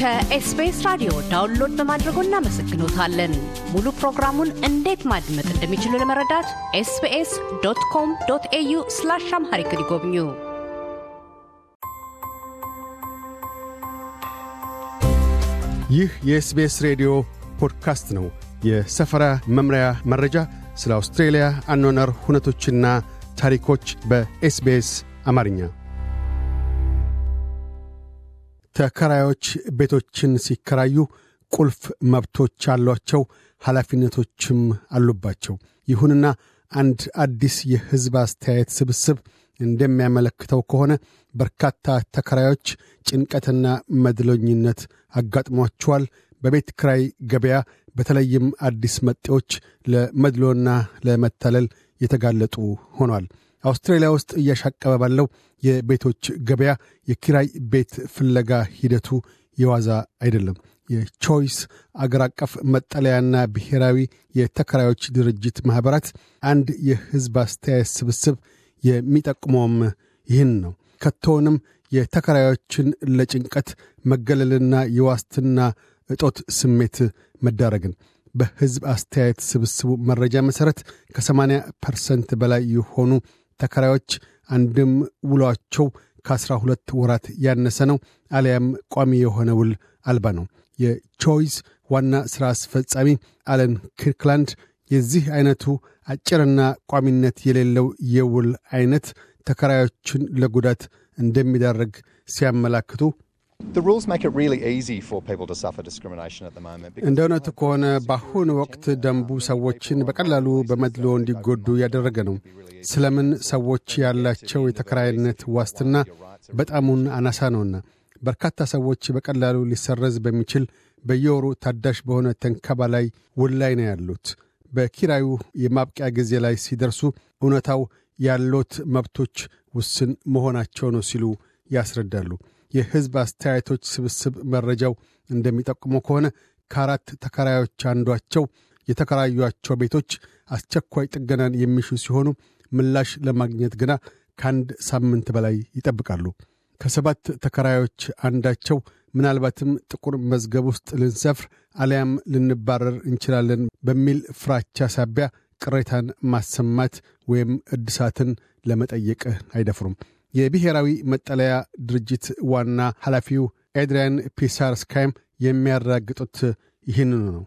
ከኤስቢኤስ ራዲዮ ዳውንሎድ በማድረጎ እናመሰግኖታለን። ሙሉ ፕሮግራሙን እንዴት ማድመጥ እንደሚችሉ ለመረዳት ኤስቢኤስ ዶት ኮም ዶት ኤዩ ስላሽ አምሃሪክ ይጎብኙ። ይህ የኤስቢኤስ ሬዲዮ ፖድካስት ነው። የሰፈራ መምሪያ መረጃ፣ ስለ አውስትሬልያ አኗኗር ሁነቶችና ታሪኮች በኤስቢኤስ አማርኛ ተከራዮች ቤቶችን ሲከራዩ ቁልፍ መብቶች አሏቸው፣ ኃላፊነቶችም አሉባቸው። ይሁንና አንድ አዲስ የሕዝብ አስተያየት ስብስብ እንደሚያመለክተው ከሆነ በርካታ ተከራዮች ጭንቀትና መድሎኝነት አጋጥሟቸዋል። በቤት ክራይ ገበያ በተለይም አዲስ መጤዎች ለመድሎና ለመታለል የተጋለጡ ሆኗል። አውስትራሊያ ውስጥ እያሻቀበ ባለው የቤቶች ገበያ የኪራይ ቤት ፍለጋ ሂደቱ የዋዛ አይደለም። የቾይስ አገር አቀፍ መጠለያና ብሔራዊ የተከራዮች ድርጅት ማኅበራት አንድ የሕዝብ አስተያየት ስብስብ የሚጠቁመውም ይህን ነው። ከቶውንም የተከራዮችን ለጭንቀት መገለልና የዋስትና እጦት ስሜት መዳረግን በሕዝብ አስተያየት ስብስቡ መረጃ መሠረት ከ80 ፐርሰንት በላይ የሆኑ ተከራዮች አንድም ውሏቸው ከአስራ ሁለት ወራት ያነሰ ነው አሊያም ቋሚ የሆነ ውል አልባ ነው የቾይስ ዋና ሥራ አስፈጻሚ አለን ክርክላንድ የዚህ ዐይነቱ አጭርና ቋሚነት የሌለው የውል ዐይነት ተከራዮችን ለጉዳት እንደሚዳረግ ሲያመላክቱ እንደ እውነቱ ከሆነ በአሁኑ ወቅት ደንቡ ሰዎችን በቀላሉ በመድሎ እንዲጎዱ ያደረገ ነው። ስለምን ሰዎች ያላቸው የተከራይነት ዋስትና በጣሙን አናሳ ነውና በርካታ ሰዎች በቀላሉ ሊሰረዝ በሚችል በየወሩ ታዳሽ በሆነ ተንከባ ላይ ውል ላይ ነው ያሉት። በኪራዩ የማብቂያ ጊዜ ላይ ሲደርሱ እውነታው ያሎት መብቶች ውስን መሆናቸው ነው ሲሉ ያስረዳሉ። የሕዝብ አስተያየቶች ስብስብ መረጃው እንደሚጠቁመው ከሆነ ከአራት ተከራዮች አንዷቸው የተከራዩቸው ቤቶች አስቸኳይ ጥገናን የሚሹ ሲሆኑ ምላሽ ለማግኘት ግና ከአንድ ሳምንት በላይ ይጠብቃሉ። ከሰባት ተከራዮች አንዳቸው ምናልባትም ጥቁር መዝገብ ውስጥ ልንሰፍር አሊያም ልንባረር እንችላለን በሚል ፍራቻ ሳቢያ ቅሬታን ማሰማት ወይም እድሳትን ለመጠየቅ አይደፍሩም። የብሔራዊ መጠለያ ድርጅት ዋና ኃላፊው ኤድሪያን ፒሳርስካይም የሚያረጋግጡት ይህንኑ ነው።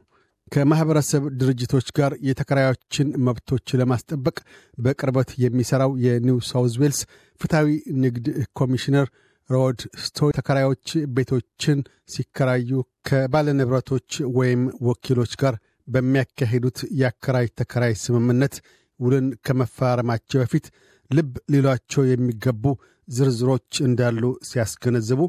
ከማኅበረሰብ ድርጅቶች ጋር የተከራዮችን መብቶች ለማስጠበቅ በቅርበት የሚሠራው የኒው ሳውዝ ዌልስ ፍትሐዊ ንግድ ኮሚሽነር ሮድ ስቶ ተከራዮች ቤቶችን ሲከራዩ ከባለንብረቶች ወይም ወኪሎች ጋር በሚያካሂዱት የአከራይ ተከራይ ስምምነት ውልን ከመፈራረማቸው በፊት ልብ ሊሏቸው የሚገቡ ዝርዝሮች እንዳሉ ሲያስገነዝቡ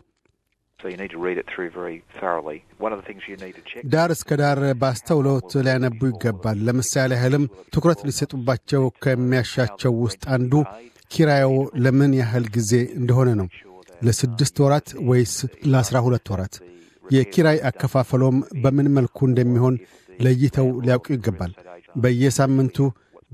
ዳር እስከ ዳር በአስተውሎት ሊያነቡ ይገባል። ለምሳሌ ያህልም ትኩረት ሊሰጡባቸው ከሚያሻቸው ውስጥ አንዱ ኪራዮ ለምን ያህል ጊዜ እንደሆነ ነው። ለስድስት ወራት ወይስ ለአስራ ሁለት ወራት? የኪራይ አከፋፈሎም በምን መልኩ እንደሚሆን ለይተው ሊያውቁ ይገባል። በየሳምንቱ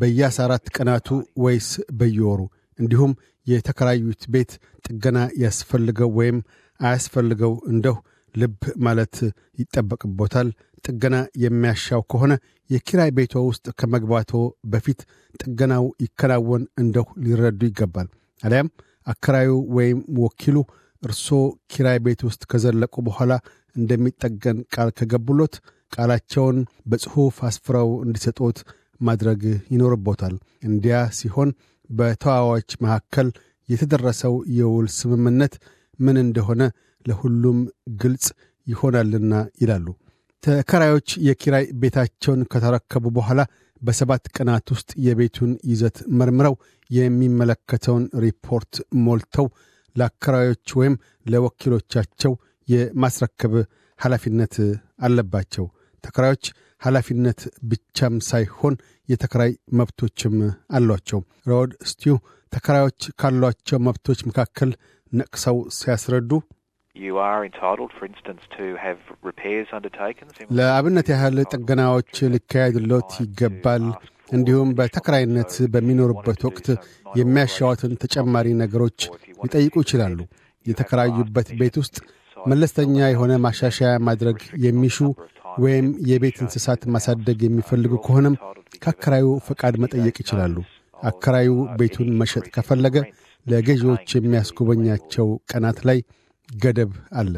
በየአስራ አራት ቀናቱ ወይስ በየወሩ? እንዲሁም የተከራዩት ቤት ጥገና ያስፈልገው ወይም አያስፈልገው እንደሁ ልብ ማለት ይጠበቅቦታል። ጥገና የሚያሻው ከሆነ የኪራይ ቤቶ ውስጥ ከመግባቶ በፊት ጥገናው ይከናወን እንደሁ ሊረዱ ይገባል። አሊያም አከራዩ ወይም ወኪሉ እርሶ ኪራይ ቤት ውስጥ ከዘለቁ በኋላ እንደሚጠገን ቃል ከገቡሎት ቃላቸውን በጽሑፍ አስፍረው እንዲሰጡት ማድረግ ይኖርቦታል። እንዲያ ሲሆን በተዋዎች መካከል የተደረሰው የውል ስምምነት ምን እንደሆነ ለሁሉም ግልጽ ይሆናልና ይላሉ። ተከራዮች የኪራይ ቤታቸውን ከተረከቡ በኋላ በሰባት ቀናት ውስጥ የቤቱን ይዘት መርምረው የሚመለከተውን ሪፖርት ሞልተው ለአከራዮች ወይም ለወኪሎቻቸው የማስረከብ ኃላፊነት አለባቸው። ተከራዮች ኃላፊነት ብቻም ሳይሆን የተከራይ መብቶችም አሏቸው። ሮድ ስቲው ተከራዮች ካሏቸው መብቶች መካከል ነቅሰው ሲያስረዱ ለአብነት ያህል ጥገናዎች ሊካሄዱለት ይገባል። እንዲሁም በተከራይነት በሚኖሩበት ወቅት የሚያሻዋትን ተጨማሪ ነገሮች ሊጠይቁ ይችላሉ። የተከራዩበት ቤት ውስጥ መለስተኛ የሆነ ማሻሻያ ማድረግ የሚሹ ወይም የቤት እንስሳት ማሳደግ የሚፈልጉ ከሆነም ከአከራዩ ፈቃድ መጠየቅ ይችላሉ። አከራዩ ቤቱን መሸጥ ከፈለገ ለገዢዎች የሚያስጎበኛቸው ቀናት ላይ ገደብ አለ።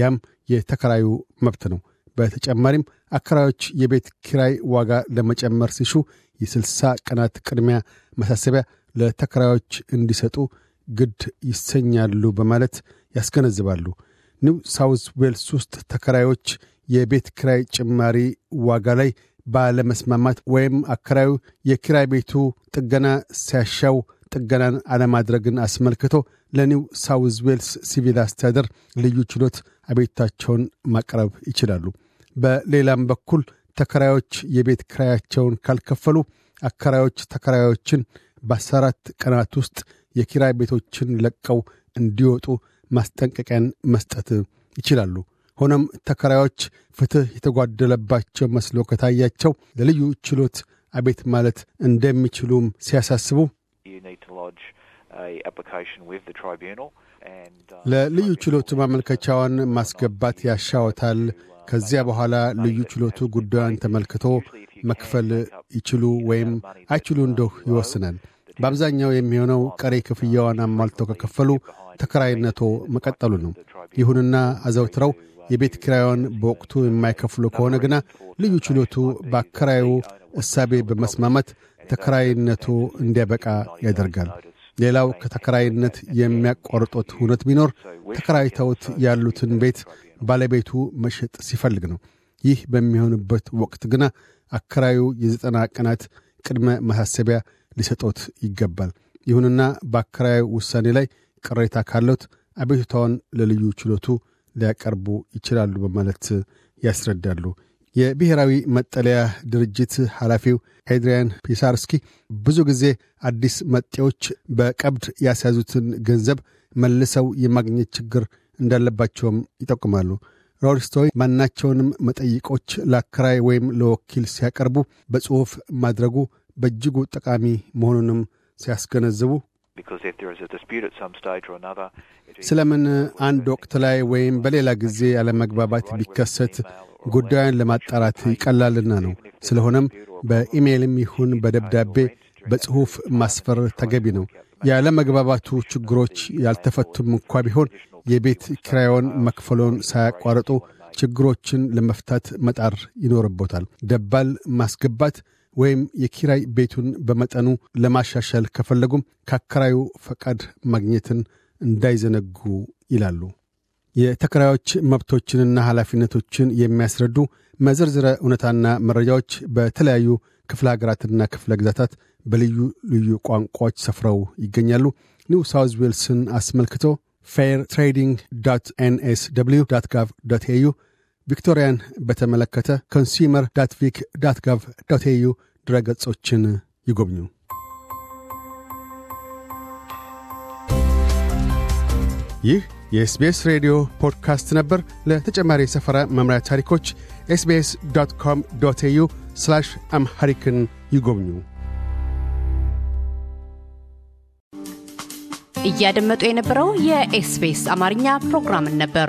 ያም የተከራዩ መብት ነው። በተጨማሪም አከራዮች የቤት ኪራይ ዋጋ ለመጨመር ሲሹ የስልሳ ቀናት ቅድሚያ መሳሰቢያ ለተከራዮች እንዲሰጡ ግድ ይሰኛሉ በማለት ያስገነዝባሉ። ኒው ሳውዝ ዌልስ ውስጥ ተከራዮች የቤት ክራይ ጭማሪ ዋጋ ላይ ባለመስማማት ወይም አከራዩ የኪራይ ቤቱ ጥገና ሲያሻው ጥገናን አለማድረግን አስመልክቶ ለኒው ሳውዝ ዌልስ ሲቪል አስተዳደር ልዩ ችሎት አቤታቸውን ማቅረብ ይችላሉ። በሌላም በኩል ተከራዮች የቤት ክራያቸውን ካልከፈሉ አከራዮች ተከራዮችን በአስራት ቀናት ውስጥ የኪራይ ቤቶችን ለቀው እንዲወጡ ማስጠንቀቂያን መስጠት ይችላሉ። ሆኖም ተከራዮች ፍትሕ የተጓደለባቸው መስሎ ከታያቸው ለልዩ ችሎት አቤት ማለት እንደሚችሉም ሲያሳስቡ ለልዩ ችሎቱ ማመልከቻዋን ማስገባት ያሻወታል። ከዚያ በኋላ ልዩ ችሎቱ ጉዳዩን ተመልክቶ መክፈል ይችሉ ወይም አይችሉ እንደሁ ይወስናል። በአብዛኛው የሚሆነው ቀሪ ክፍያዋን አሟልተው ከከፈሉ ተከራይነቶ መቀጠሉ ነው። ይሁንና አዘውትረው የቤት ኪራዩን በወቅቱ የማይከፍሉ ከሆነ ግና ልዩ ችሎቱ በአከራዩ እሳቤ በመስማማት ተከራይነቱ እንዲያበቃ ያደርጋል። ሌላው ከተከራይነት የሚያቋርጡት እውነት ቢኖር ተከራይተውት ያሉትን ቤት ባለቤቱ መሸጥ ሲፈልግ ነው። ይህ በሚሆንበት ወቅት ግና አከራዩ የዘጠና ቀናት ቅድመ ማሳሰቢያ ሊሰጦት ይገባል። ይሁንና በአከራዩ ውሳኔ ላይ ቅሬታ ካለት አቤቱታውን ለልዩ ችሎቱ ሊያቀርቡ ይችላሉ በማለት ያስረዳሉ። የብሔራዊ መጠለያ ድርጅት ኃላፊው ኤድሪያን ፒሳርስኪ ብዙ ጊዜ አዲስ መጤዎች በቀብድ ያስያዙትን ገንዘብ መልሰው የማግኘት ችግር እንዳለባቸውም ይጠቁማሉ። ሮሪስቶይ ማናቸውንም መጠይቆች ለአከራይ ወይም ለወኪል ሲያቀርቡ በጽሑፍ ማድረጉ በእጅጉ ጠቃሚ መሆኑንም ሲያስገነዝቡ ስለምን አንድ ወቅት ላይ ወይም በሌላ ጊዜ አለመግባባት ቢከሰት ጉዳዩን ለማጣራት ይቀላልና ነው። ስለሆነም በኢሜይልም ይሁን በደብዳቤ በጽሑፍ ማስፈር ተገቢ ነው። የአለመግባባቱ ችግሮች ያልተፈቱም እንኳ ቢሆን የቤት ኪራዮን መክፈሎን ሳያቋርጡ ችግሮችን ለመፍታት መጣር ይኖርቦታል። ደባል ማስገባት ወይም የኪራይ ቤቱን በመጠኑ ለማሻሻል ከፈለጉም ከአከራዩ ፈቃድ ማግኘትን እንዳይዘነጉ ይላሉ። የተከራዮች መብቶችንና ኃላፊነቶችን የሚያስረዱ መዘርዝረ እውነታና መረጃዎች በተለያዩ ክፍለ ሀገራትና ክፍለ ግዛታት በልዩ ልዩ ቋንቋዎች ሰፍረው ይገኛሉ። ኒው ሳውዝ ዌልስን አስመልክቶ ፌር ትሬዲንግ ዶት ኤንኤስደብልዩ ጋቭ ኤዩ ቪክቶሪያን በተመለከተ ኮንሱመር ዳት ቪክ ዳት ጋቭ ዳት ኤዩ ድረገጾችን ይጎብኙ። ይህ የኤስቤስ ሬዲዮ ፖድካስት ነበር። ለተጨማሪ የሰፈራ መምሪያ ታሪኮች ኤስቤስ ዶት ኮም ዶት ኤዩ አምሐሪክን ይጎብኙ። እያደመጡ የነበረው የኤስቤስ አማርኛ ፕሮግራምን ነበር።